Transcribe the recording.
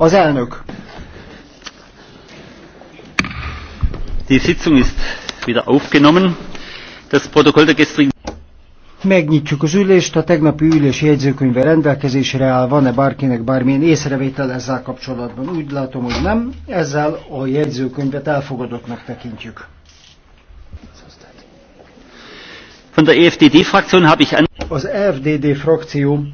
Az elnök. Die Sitzung ist wieder aufgenommen. Das Protokoll der gestrigen Megnyitjuk az ülést, a tegnapi ülés jegyzőkönyve rendelkezésre áll, van-e bárkinek bármilyen észrevétel ezzel kapcsolatban? Úgy látom, hogy nem, ezzel a jegyzőkönyvet elfogadottnak tekintjük. Von der EFDD-Fraktion habe ich an... Az e FDD frakció